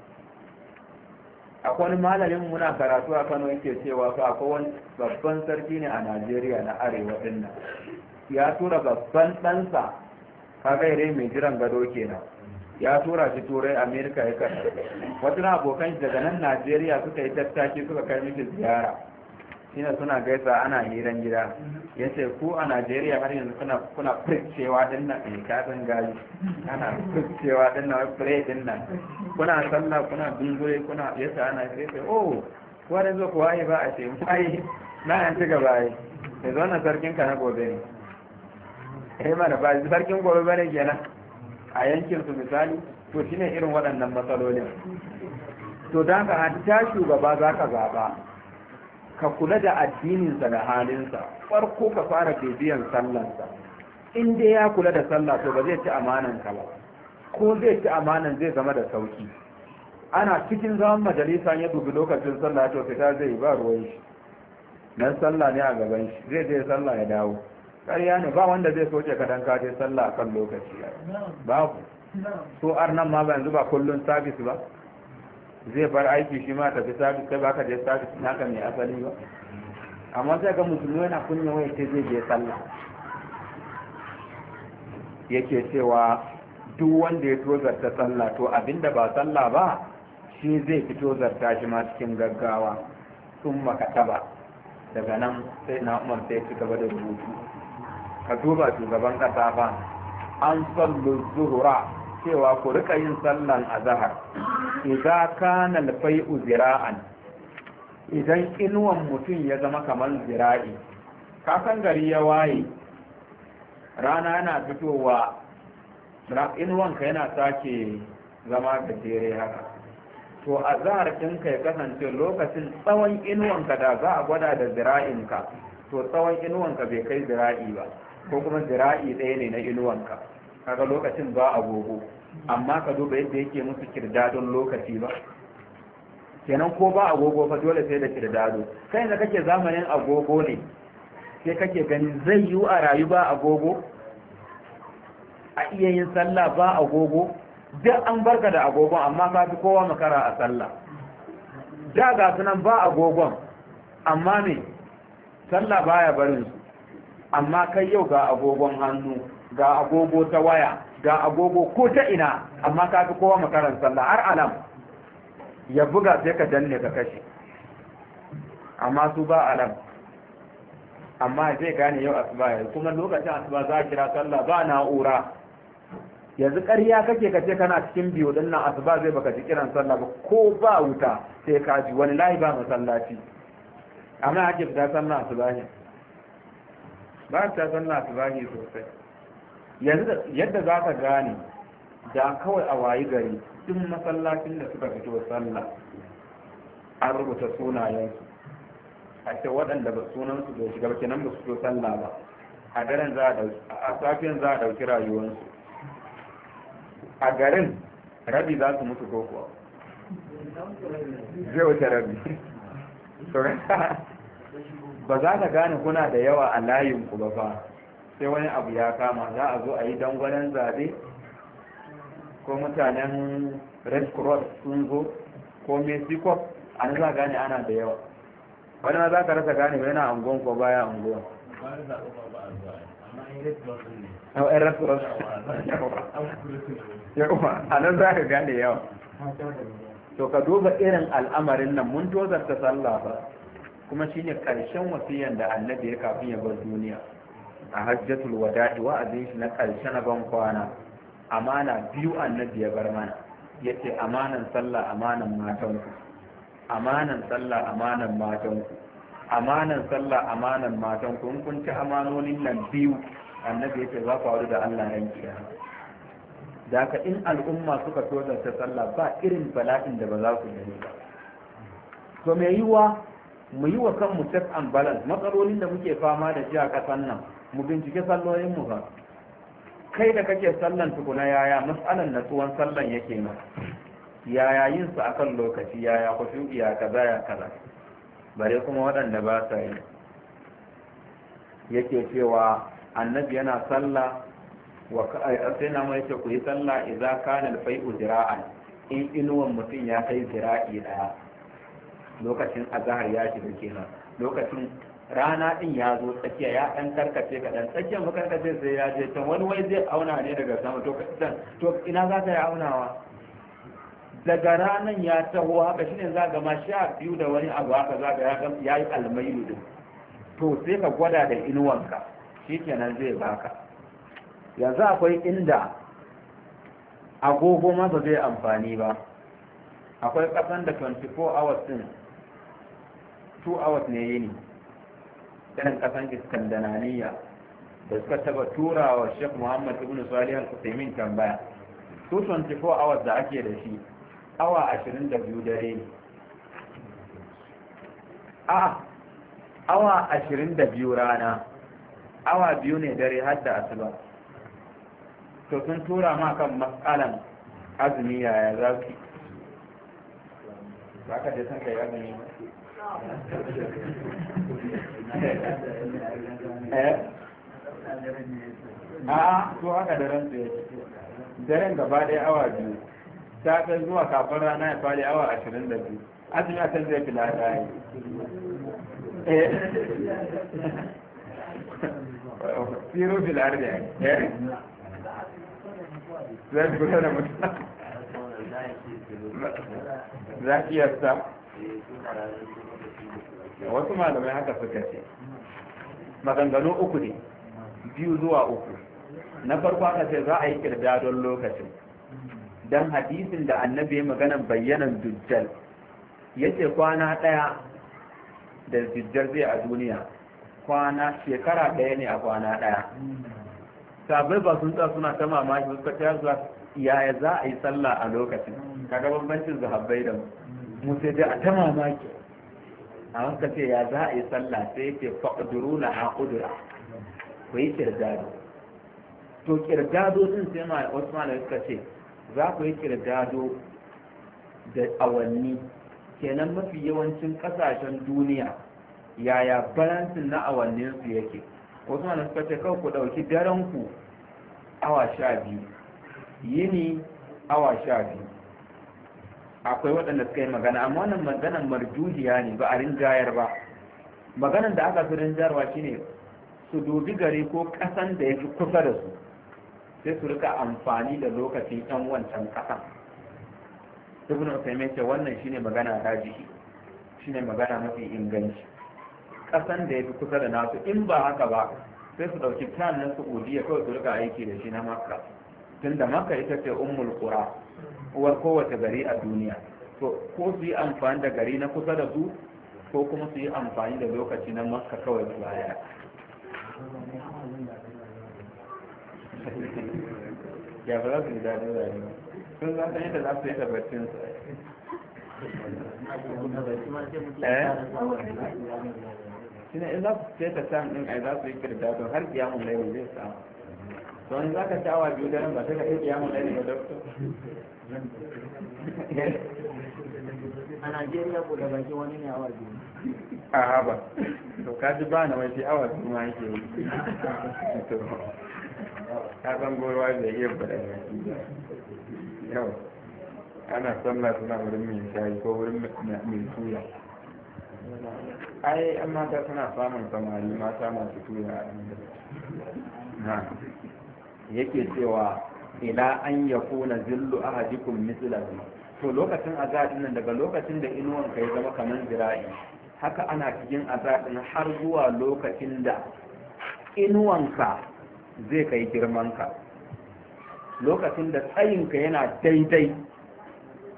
akwai wani malamin muna karatu a kano yake cewa fa akwai wani babban sarki ne a najeriya na arewa dinnan ya tura babban ɗansa ga mai jiran gado kenan ya tura shi turai amerika ya kasa wasu abokan abokan daga nan najeriya suka yi tattaki suka kai mishi ziyara shine suna gaisa ana hiran gida ya ce ku a najeriya har yanzu kuna kuna furcewa din nan eh kafin gaji ana furcewa din nan fure din nan kuna sallah kuna bingure kuna yasa ana ce oh wani zo kuwa yi ba a ce mai na yan ci gaba yi da zo na sarkin ka na gobe ne eh mana ba sarkin gobe ba ne kenan a yankin su misali to shine irin waɗannan matsalolin to don ka hatta shugaba ka zaɓa. ka kula da addininsa da halinsa farko ka fara bibiyan sallansa in dai ya kula da sallah to ba zai ci amanan ka ba ko zai ci amanan zai zama da sauki ana cikin zaman majalisa ya dubi lokacin sallah to fita zai ba ruwan shi dan sallah ne a gaban shi zai je sallah ya dawo ƙarya ne ba wanda zai soke ka dan ka je sallah kan lokaci babu so arnan ma ba yanzu ba kullun sabis ba zai bar aiki shi ma tafi sabi kai baka je na ka mai asali ba amma sai ga musulmi yana kunya waya ce zai je sallah yake cewa duk wanda ya tozarta sallah to abinda ba sallah ba shi zai fito tozarta shi ma cikin gaggawa sun ba daga nan sai na umar sai ci gaba da rubutu ka duba shugaban kasa ba an sallu zuhura cewa ku rika yin sallan azhar idza kana al-fai'u zira'an idan inuwan mutum ya zama kamar zira'i san gari ya waye rana yana fitowa inuwan ka yana sake zama da jere haka to a zahar ka ya kasance lokacin tsawon inuwan ka da za a gwada da zira'inka to tsawon inuwan ka bai kai zira'i ba ko kuma zira'i ɗaya ne na inuwan Ka kaga lokacin ba agogo amma ka duba yadda yake musu kirdadon lokaci ba kenan ko ba agogo fa dole sai da kirdado kai da kake zamanin agogo ne sai kake ganin zai yiwu a rayu ba agogo a iya yin sallah ba agogo duk an barka da agogon amma ka fi kowa makara a sallah da ga sunan ba agogon amma me sallah baya barin amma kai yau ga agogon hannu ga agogo ta waya ga agogo ko ta ina amma ka fi kowa makaran sallah har alam ya buga sai ka danne ka kashe amma su ba alam amma zai gane yau asuba yanzu kuma lokacin asuba za a kira sallah ba na'ura yanzu ƙarya kake kace kana cikin biyu din nan asuba zai baka ji kiran sallah ba ko ba wuta sai ka ji wani lahi ba masallaci amma ake fita sallah asuba ne ba ta sallah asuba ne sosai yadda za ka gane da kawai a wayi gari duk masallacin da suka fito sallah an rubuta sunayensu a ce waɗanda ba sunansu bai shiga ba kenan ba su sallah ba a garin za a safiyan za a ɗauki rayuwarsu a garin rabi za su mutu ko kuwa zai wuce rabi [LAUGHS] [LAUGHS] ba za ka gane kuna da yawa a layinku ba fa sai wani abu ya kama za a zo a yi dangwalen zabe ko mutanen red cross sun zo ko mexico na za gane ana da yawa wani ma za ka rasa gane yana angon ko baya angon yan red cross yawa a nan za ka gane yawa to ka duba irin al'amarin nan mun tozarta sallah ba kuma shine karshen wasiyan da annabi ya kafin ya bar duniya a hajjatul wada'i wa'azin shi na ƙarshe na ban kwana amana biyu annabi ya bar mana yace amanan sallah amanan matanku amanan sallah amanan matanku amanan sallah amanan matanku in kun ci amanonin nan biyu annabi yace za ku haɗu da Allah ran kiya da in al'umma suka ta sallah ba irin bala'in da ba za ku yi ba to me yiwa mu yi wa kanmu check ambalan, balance matsalolin da muke fama da shi a ƙasar nan mu bincike sallolin mu ba kai da kake sallan tukuna yaya matsalan natsuwan sallan yake ma yaya yin su akan lokaci yaya kushu'i ya kaza ya kaza bare kuma waɗanda ba sa yi yake cewa annabi yana sallah wa sai na mai ku yi salla idza kana al-fai'u in inuwan mutum ya kai zira'i daya lokacin azhar ya shiga kenan lokacin rana din ya zo tsakiya ya ɗan karkace kaɗan Tsakiya mu karkace sai ya je can wani wai zai auna ne daga sama to to ina za ka yi aunawa daga ranan ya taho haka shi ne za ga ma sha biyu da wani abu haka za ga ya yi almailu din to sai ka gwada da inuwanka kenan zai baka yanzu akwai inda agogo ma ba zai amfani ba akwai kasan da 24 hours din 2 hours ne yini irin kasan iskandinaniya da suka taba tura wa sheikh muhammad ibn salih al-kusaimin tambaya 224 hours da ake da shi awa 22 dare a awa 22 rana awa biyu ne dare har da asuba to sun tura ma kan matsalan azumi yaya za ki ba ka je san kai azumi ba eh a to haka daren su daren gaba ɗaya awa biyu safe zuwa kafin rana ya fari awa ashirin da biyu azumi a zai fi lada yi eh? fi lada ya yi eh? zai kusa da wasu malamai haka suka ce maganganu uku ne biyu zuwa uku na farko aka ce za a yi kirdadon lokacin don hadisin da annabi maganan bayyanan dujjal ce kwana ɗaya da dujjal zai a duniya kwana shekara ɗaya ne a kwana ɗaya sabai ba sun suna ta mamaki suka ta yaya za a yi sallah a lokacin kaga bambancin zahabbai da mu sai dai a ta mamaki a wanka ce ya za a yi sallah sai yake faɗuru na a ƙudura ku yi kirgado to kirgado din sai wasu malamai suka ce za ku yi kirgado da awanni kenan mafi yawancin ƙasashen duniya yaya balansin na awannin su yake wasu malamai suka ce kawai ku ɗauki daren ku awa sha biyu yini awa sha biyu akwai waɗanda suka yi magana amma wannan maganan marjuhiya ne ba a rinjayar ba maganan da aka fi rinjarwa shine su dubi gari ko ƙasan da ya fi kusa da su sai su rika amfani da lokacin ɗan wancan ƙasan ibn usaimin ce wannan shine magana rajihi shine magana mafi inganci ƙasan da ya fi kusa da nasu in ba haka ba sai su ɗauki plan na ya kawai su rika aiki da shi na makka tunda maka ita ce ummul qura uwar kowace gari a duniya to ko su yi amfani da gari na kusa da su ko kuma su yi amfani da lokaci na maka kawai su baya ya ba za su yi daɗin rayuwa sun za su yi da za su yi da barcin su shine in za su ce ta sam ɗin ai za su yi kirdadon har kiyamun laifin zai samu to za ka ci awa biyu nan ba sai ka kai kiyamun dare ba doctor a Najeriya ko da baki wani ne awa biyu a haba to ka ji ba na wai awa biyu ma yake yi to ka san gowa da iya fada yau ana sallah suna wurin mai shayi ko wurin mai tuya ai an mata suna samun samari mata masu tuya a inda yake cewa ila an yakuna zillu ahadikum mislahu to lokacin azadin nan daga lokacin da inuwan ka ya zama kamar zira'i haka ana cikin azadin har zuwa lokacin da inuwanka zai kai girmanka lokacin da tsayinka yana daidai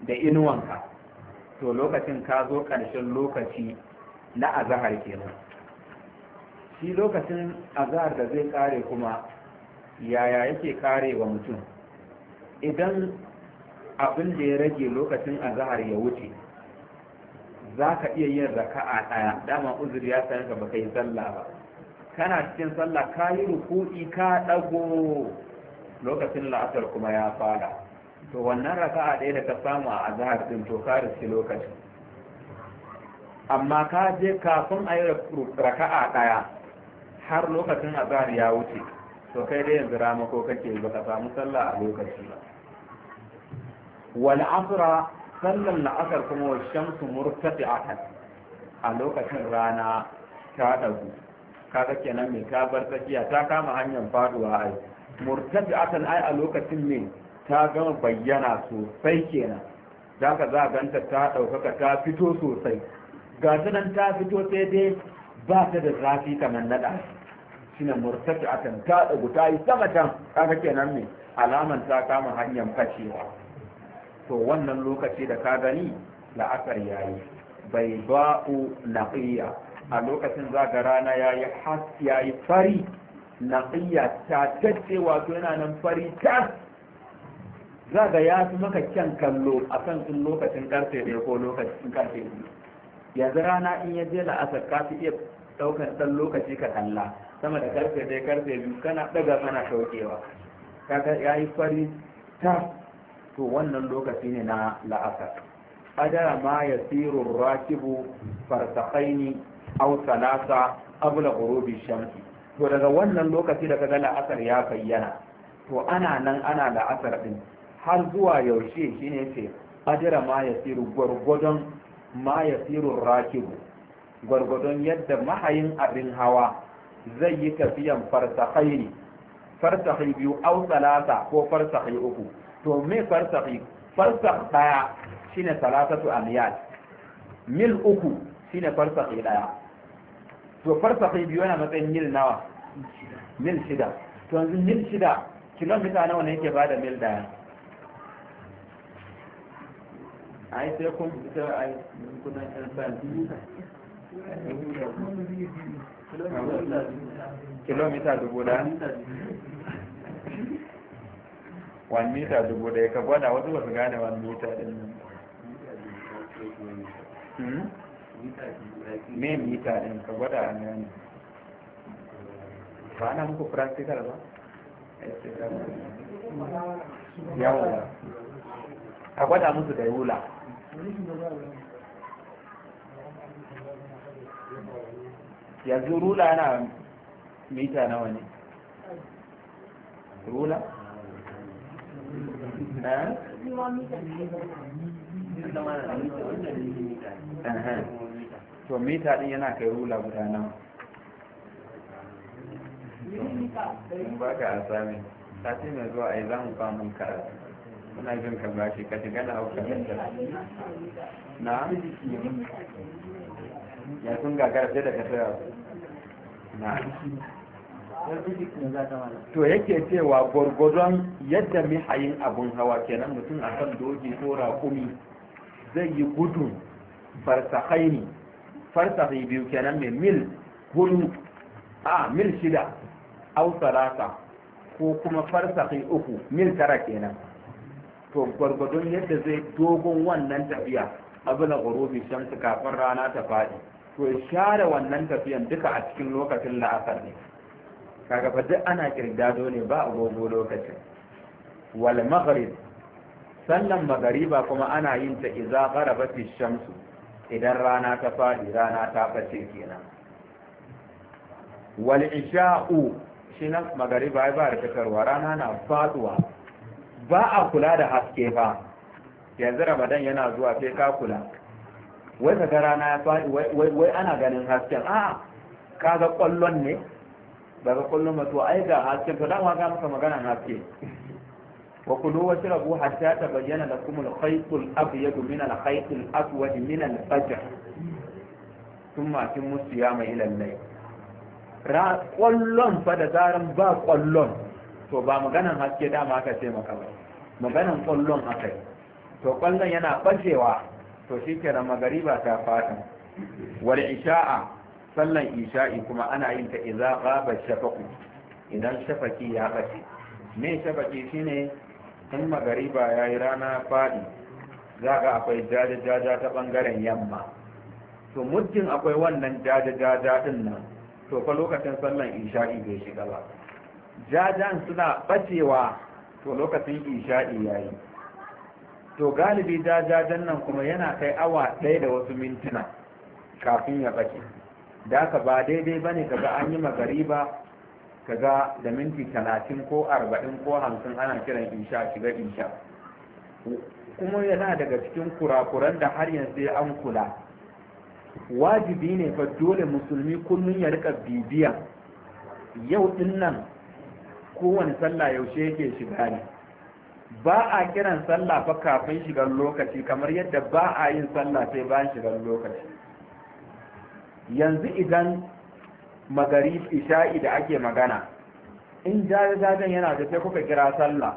da inuwanka to lokacin ka zo ƙarshen lokaci na azahar kenan shi lokacin azahar da zai kare kuma yaya yake kare wa mutum idan abin da ya rage lokacin azahar ya wuce za ka iya yin raka'a ɗaya dama uzur ya san ka yi sallah ba kana cikin sallah ka yi ruku'i ka dago lokacin la'asar kuma ya fara to wannan raka'a ɗaya da ka samu a azahar din to ka rufe lokacin amma ka je kafin ayi raka'a ɗaya har lokacin azahar ya wuce to kai dai yanzu ko kake ba ka samu sallah a lokaci ba wal asra sallan kuma wa shamsu murtafi'atan a lokacin rana ta dagu kaga kenan me ta bar tsakiya ta kama hanyar faduwa ai murtafi'atan ai a lokacin ne ta gama bayyana sosai kenan za ka za ganta ta ɗaukaka ta fito sosai ga nan ta fito sai dai ba ta da zafi kamar na ɗaci shine can ta dagu ta yi sama can kaga kenan ne alaman ta kama hanyar fashewa to wannan lokaci da ka gani la'asar yi bai ba'u naqiya a lokacin ga rana yi ya yi fari naqiya ta tace wato yana nan fari tas ga ya fi maka kyan kallo akan in lokacin karfe ɗaya ko lokacin karfe biyu yanzu rana in ya je la'asar ka fi iya Daukan ɗan lokaci ka kalla sama da karfe dai karfe biyu kana ɗaga kana shaukewa kaga ya yi fari ta to wannan lokaci ne na la'asar adara ma ya siru rakibu farsakaini au salasa abula gurubi shamsi to daga wannan lokaci da kaga la'asar ya bayyana to ana nan ana la'asar din har zuwa yaushe shine ce ajira ma ya siru ma ya rakibu gwargwadon yadda mahayin abin hawa zai yi tafiyan farsahai ne farsahai biyu au salasa ko farsahai uku to me farsahai farsah daya shine salasatu amiyat mil uku shine farsahai daya to farsahai biyu yana matsayin mil nawa mil shida to yanzu mil shida kilomita nawa ne yake bada mil daya ai sai kun sai ai kun san kilomita dubu da wani mita dubu da ya ka gwada wasu wasu gane wani mita din nan hmm? me mita din ka gwada a gane ba na muku practical ba yawon a gwada musu da yula yanzu rula na mita nawa wani rula? na? Eh? to mita din yana kai rula guda nawa ba ka asami sati mai zuwa ai za mu mun kara muna jin ka bashi ka shiga na hauka na ya sun gagara sai daga ka to yake cewa gwargwadon yadda mihayin abun hawa kenan mutum a kan doki ko raƙumi zai yi gudun farsakai ne farsakai biyu kenan mai mil hudu a mil shida au salata ko kuma farsakai uku mil tara kenan to gwargwadon yadda zai dogon wannan tafiya abu abin shan su kafin rana ta faɗi to ya share wannan tafiyan duka a cikin lokacin la'asar ne kaga fa duk ana kirdado ne ba agogo lokacin wal maghrib sallan magariba kuma ana yin ta idza gharabat shamsu idan rana ta fadi rana ta bace kenan wal isha'u shi nan magariba ba rikitarwa rana na faduwa ba a kula da haske ba yanzu ramadan yana zuwa sai ka kula wai daga rana ya faɗi wai ana ganin hasken a ka ga kwallon ne ga kwallon ba to ai ga hasken to dama ga maka maganan haske wa kullu wa shrabu hatta tabayyana lakum al-khayt al-abyad min al-khayt al-aswad min al-fajr thumma atimmu siyama ila al-layl ra kwallon fa da zaran ba kwallon to ba maganan haske dama aka ce maka ba maganan kwallon akai to kwallon yana fashewa to shi kenan magariba ta fata wal isha'a sallan isha'i kuma ana yin ta idza ghaba shafaqu idan shafaki ya bace me shafaki shine in magariba yayi rana fadi za ga akwai jajajaja ta bangaren yamma to muddin akwai wannan jajajaja din nan to fa lokacin sallan isha'i bai shiga ba jajan suna bacewa to lokacin isha'i yayi to galibi jajajen nan kuma yana kai awa ɗaya da wasu mintuna kafin ya baki da ka ba daidai ba ne kaga an yi magariba kaga da minti talatin ko arba'in ko hamsin ana kiran insha shiga insha kuma yana daga cikin kurakuran da har yanzu an kula wajibi ne fa dole musulmi kullum ya rika bibiya yau din nan kowane sallah yaushe yake shiga ne ba a kiran sallah fa kafin shigar lokaci kamar yadda ba a yin sallah sai bayan shigar lokaci yanzu idan magari isha'i da ake magana in jajajen yana da sai kuka kira sallah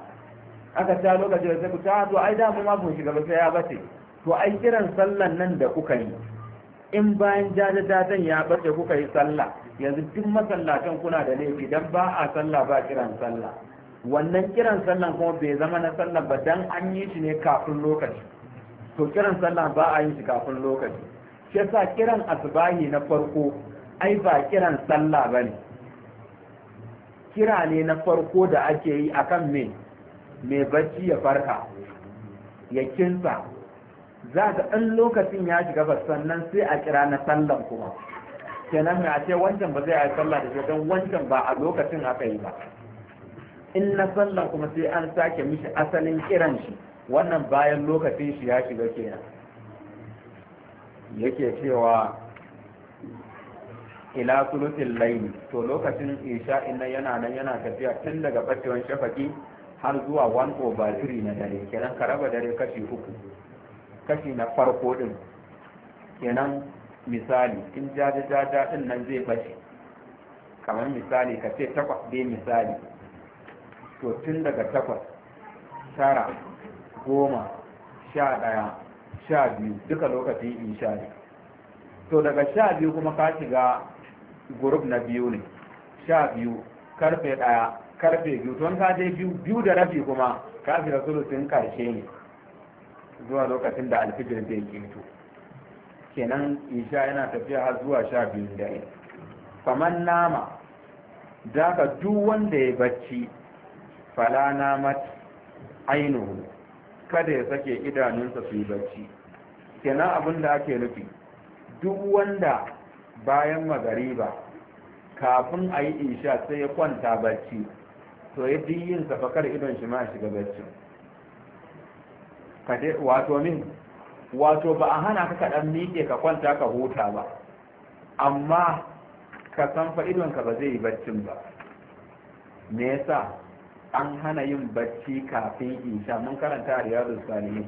aka ta lokaci da sai ku ta ah, to ai damu ma kun shiga ba sai ya bace to ai kiran sallan nan da kuka yi in bayan jajajen ya bace kuka yi sallah yanzu duk masallatan kuna da laifi dan ba a sallah ba kiran sallah wannan kiran sallan kuma bai zama na sallan ba dan an yi shi ne kafin lokaci to kiran sallan ba a yin shi kafin lokaci shi yasa kiran asbahi na farko ai ba kiran sallah bane kira ne na farko da ake yi akan me mai bacci ya farka ya kinsa za ka ɗan lokacin ya shiga ba sannan sai a kira na sallan kuma kenan mai a ce wancan ba zai yi sallah da shi don wancan ba a lokacin aka yi ba in na sallah kuma sai an sake mishi asalin kiran shi wannan bayan lokacin shi ya shiga kenan yake cewa ila sulusin laini to lokacin isha inna yana nan yana tafiya tun daga bacewan shafaki har zuwa 1 over 3 na dare kenan ka raba dare kashi uku kashi na farko din kenan misali in jaji jaji din nan zai bace kamar misali ka ce takwas dai misali to tun daga takwas tara goma sha ɗaya sha biyu duka lokaci in sha ne to daga sha biyu kuma ka shiga gurub na biyu ne sha biyu karfe ɗaya karfe biyu to ka je biyu biyu da rabi kuma ka shiga sulusin karshe ne zuwa lokacin da alfijir zai keto kenan isha yana tafiya har zuwa sha biyun yi. kamar nama da duk wanda ya bacci fala namat ainihu kada ya sake idanunsa su yi bacci kenan abin da ake nufi duk wanda bayan magariba kafin a yi insha sai ya kwanta bacci to ya ji yin safakar idon shi ma shiga bacci wato min wato ba a hana ka kaɗan miƙe ka kwanta ka huta ba amma ka san fa idonka ba zai yi baccin ba me yasa an hana yin bacci kafin isha mun karanta a riyadu salihin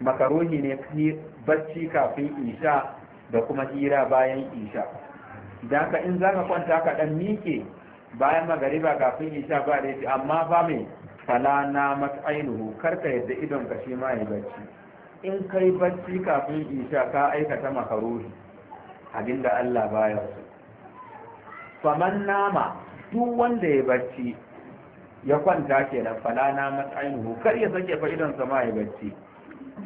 makaruhi ne bacci kafin isha da kuma hira bayan isha da ka in za ka kwanta ka dan miƙe bayan magariba kafin isha ba da amma ba mai fala na matsayinu karka yadda idon ka shi ma ya bacci in kai bacci kafin isha ka aikata makaruhi abinda Allah baya so faman nama duk wanda ya bacci ya kwanta ke da na matsayin kar ya sake fa sama ya bacci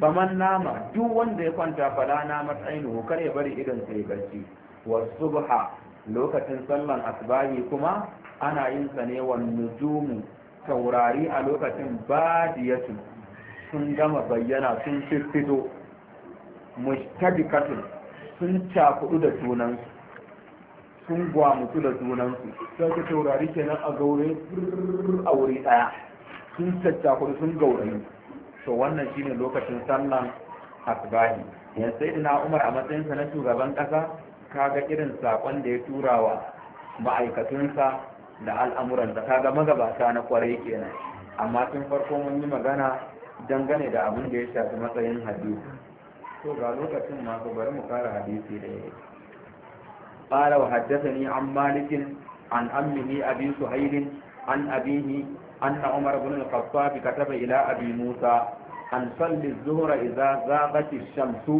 faman nama duk wanda ya kwanta falana na matsayin kar ya bari idan sa ya wasu wasubha lokacin sallan asbahi kuma ana yin sa ne wan nujumu taurari a lokacin badiyatu sun gama bayyana sun fito mushtabikatun sun cakudu da sunansu sun gwamutu da sunansu sai ka taurari kenan a gaure a wuri daya sun kudu sun gaurayi to wannan shine lokacin sallan asbahi yanzu sai ina umar a matsayinsa na shugaban kasa kaga irin sakon da ya tura wa ma'aikatunsa da al'amuran al'amuransa kaga magabata na kwarai kenan amma tun farko mun yi magana dangane da abin da ya shafi matsayin hadisi to ga lokacin masu bari mu kara hadisi da ya قال وحدثني عن مالك عن أمه أبي سهيل عن أبيه أن عمر بن الخطاب كتب إلى أبي موسى أن صل الزهر إذا زاغت الشمس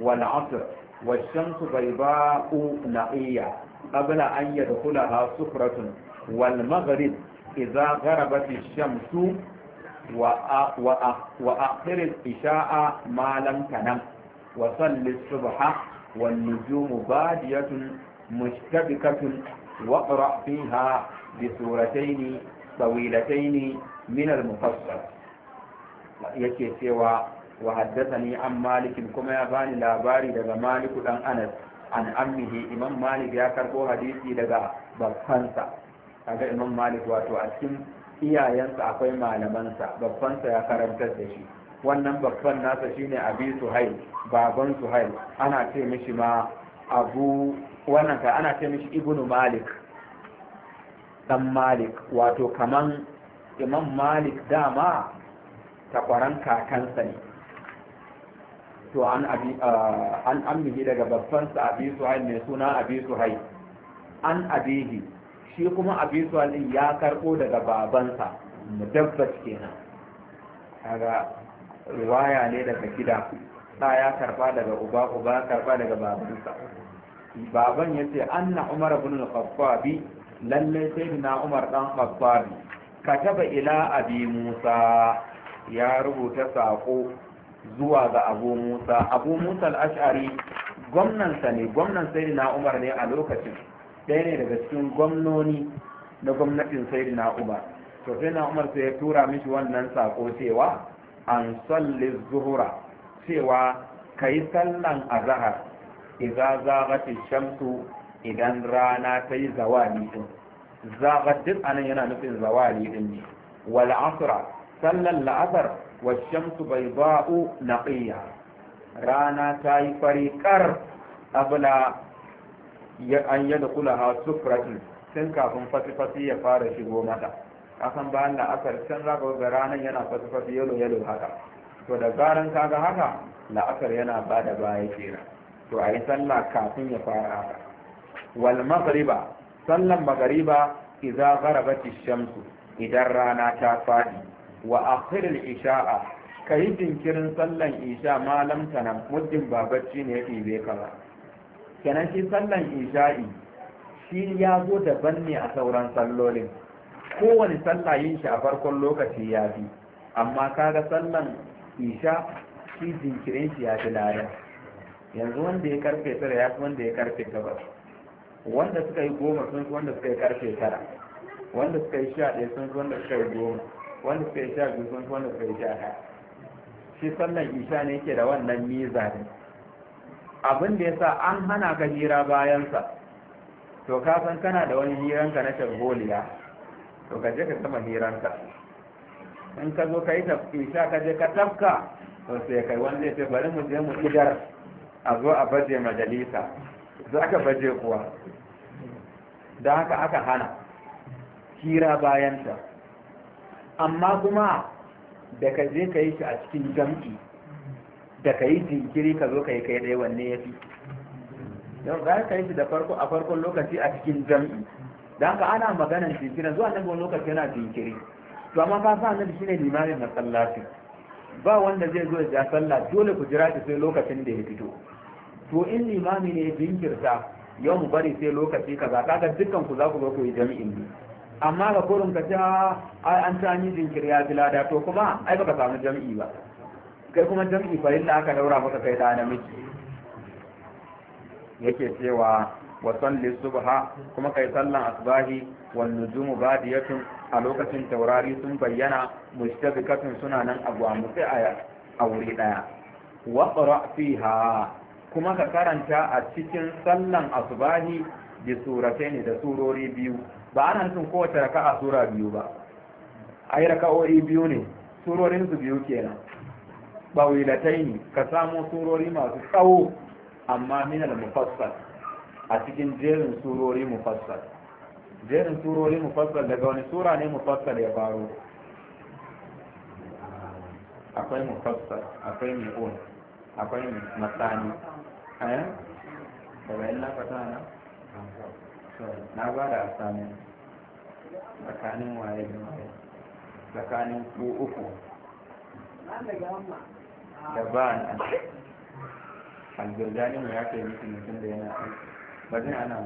والعصر والشمس بيضاء نقية قبل أن يدخلها سفرة والمغرب إذا غربت الشمس وأخر الإشاء ما لم تنم وصل الصبح والنجوم بادية مشتبكة واقرأ فيها بسورتين طويلتين من المفصل yake cewa wa haddathani an malikin kuma ya bani labari daga maliku dan an ammihi imam malik ya karbo hadisi daga babbansa kaga imam malik wato a cikin iyayensa akwai malamansa Baffansa ya karantar da shi wannan babban nasa shine abi suhail baban suhail ana ce mishi ma abu wannan ka ana ce mishi ibnu malik dan malik wato kaman imam malik dama takwaran kakansa ne to an abi an ammihi daga babban sa abi suhail mai suna abi suhail an abihi shi kuma abi suhail ya karbo daga babansa mudabbat kenan kaga riwaya ne daga gida ɗa ya karba daga uba uba ya karba daga babansa baban ya ce anna umar ibn al-khattabi lalle sai na umar dan khattabi kataba ila abi musa ya rubuta sako zuwa ga abu musa abu musa al-ash'ari gwamnansa ne gwamnan sai na umar ne a lokacin ɗaya ne daga cikin gwamnoni na gwamnatin sai na umar to sai na umar sai ya tura mishi wannan sako cewa an salli zuhura cewa ka yi sallan azahar idan zagati shamsu idan rana ta yi zawali din zagat duk anan yana nufin zawali din ne wal asra sallan la'asar wa shamsu bayda'u naqiya rana ta yi fariƙar abla an yadkhulaha sufratun tun kafin fasifasi ya fara shigo mata kasan bayan la'asar can za ga ranar yana fasfafi yalo yalo haka to da zaran kaga ga haka la'asar yana bada da baya kera to a yi sallah kafin ya fara haka wal maghriba sallan magariba idza gharabati shamsu idan rana ta fadi wa akhir al isha'a kai jinkirin sallan isha malam tanan muddin babacci ne yake bai kaza kenan shi sallan isha'i shi ya zo daban ne a sauran sallolin kowane sallah yin shi a farkon lokaci ya fi amma kaga sallan isha shi jinkirin shi ya fi laya yanzu wanda ya karfe tara ya fi wanda ya karfe gabas wanda suka yi goma sun fi wanda suka yi karfe tara wanda suka yi sha ɗaya sun fi wanda suka yi goma wanda suka yi sha biyu sun fi wanda suka yi sha ɗaya shi sallan isha ne yake da wannan mizanin abin da ya sa an hana ka hira bayansa to ka san kana da wani hiranka na shagholiya to ka je ka sama hiranta in ka zo ka yi isha ka je ka tafka to sai kai wanda ce bari mu je mu idar a zo a baje majalisa za ka baje kuwa da haka aka hana hira bayanta amma kuma da ka je ka yi shi a cikin jam'i da ka yi jinkiri ka zo ka yi kai dai wanne ya fi yau za ka yi shi da farko a farkon lokaci a cikin jam'i da ka ana maganar jinkiri zuwa nan wani lokaci yana jinkiri to amma ka sa annabi shine limamin masallaci ba wanda zai zo ya sallah dole ku jira ki sai lokacin da ya fito to in limami ne jinkirta yau mu bari sai lokaci kaza kaga dukkan ku za ku zo ku yi jami'in ne amma ga korin ka ta ah, ai an ta ni jinkiri ya bilada to kuma ai baka samu jami'i ba kai kuma jami'i fa illa aka daura maka kai da namiji yake cewa Wasan salli subha kuma kai sallan asbahi wal nujumu badiyatun a lokacin taurari sun bayyana kafin suna nan abu a mutsi a wuri daya wa fiha kuma ka karanta a cikin sallan asbahi bi suratayn da surori biyu ba ana nufin kowace raka'a sura biyu ba ai raka'o'i biyu ne surorin su biyu kenan bawilatai ne ka samo surori masu tsawo amma minal mufassal a cikin jerin surori mufassal jerin surori mufassal daga wani sura ne mufassal ya faru akwai mufassal akwai mi'un akwai masani eh daga illa fatana na ba da asami tsakanin waye da waye tsakanin ku uku da ba na aljirgani mai ya kai mutum da yana aiki ba ana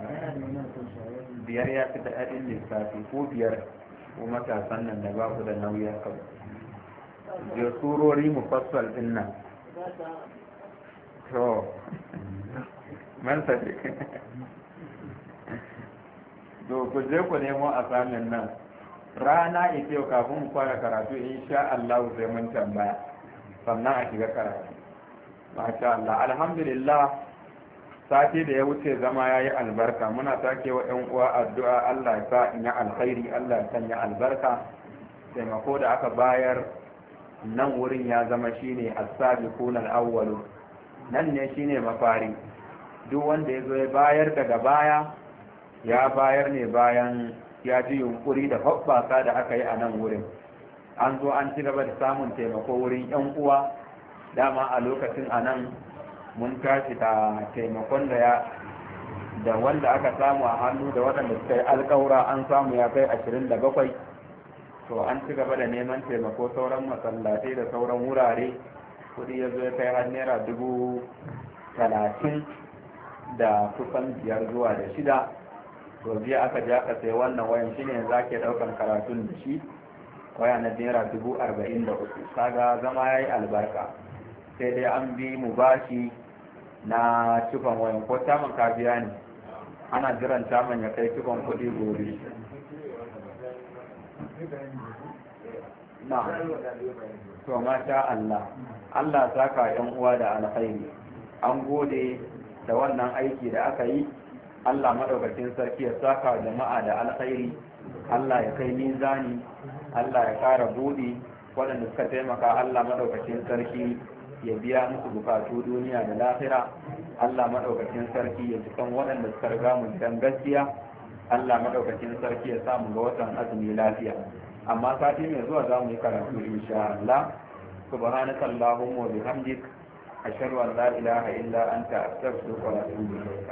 biyar ya fi da ɗaɗin lissafi ko biyar ko matasan nan da ba ku da nauyi a kan je surori mufassal din nan to man sabi to ku je ku nemo a samin nan rana ita yau kafin mu fara karatu insha Allah sai mun tambaya sannan a shiga karatu masha Allah alhamdulillah sati da ya wuce zama ya yi albarka muna sake wa 'yan uwa addu'a allah ya sa in yi alkhairi allah ya sanya albarka taimako da aka bayar nan wurin ya zama shine as-sabiqun al-awwalu nan ne shine mafari duk wanda ya zo ya bayar daga baya ya bayar ne bayan ya ji yunkuri da hoɓɓasa da aka yi a nan wurin an zo an ci gaba da samun taimako wurin 'yan uwa dama a lokacin a nan mun tashi da taimakon da ya da wanda aka samu a hannu da waɗanda suka yi alƙawura an samu ya kai ashirin da bakwai to an ci gaba da neman taimako sauran masallatai da sauran wurare kuɗi ya zo ya kai har naira dubu talatin da kusan biyar zuwa da shida to jiya aka ja aka sai wannan wayan shi ne yanzu ake ɗaukar karatun da shi waya na naira dubu arba'in da uku kaga zama ya yi albarka sai dai an bi mu bashi na cikon wayan ko taman kabiya ne ana jiran taman ya kai cikon kuɗi gobe na to masha Allah Allah saka yan uwa da alkhairi an gode da wannan aiki da aka yi Allah madaukakin sarki ya saka jama'a da alkhairi Allah ya kai mizani Allah ya kara buɗi waɗanda suka taimaka Allah madaukakin sarki ya biya musu bukatu duniya da lahira Allah madaukakin sarki ya cikan waɗanda suka riga mu gidan gaskiya Allah madaukakin sarki ya samu ga watan azumi lafiya amma sati mai zuwa za mu yi karatu insha Allah subhanaka allahumma wa bihamdik ashhadu an la ilaha illa anta astaghfiruka wa atubu ilaik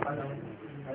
Thank you.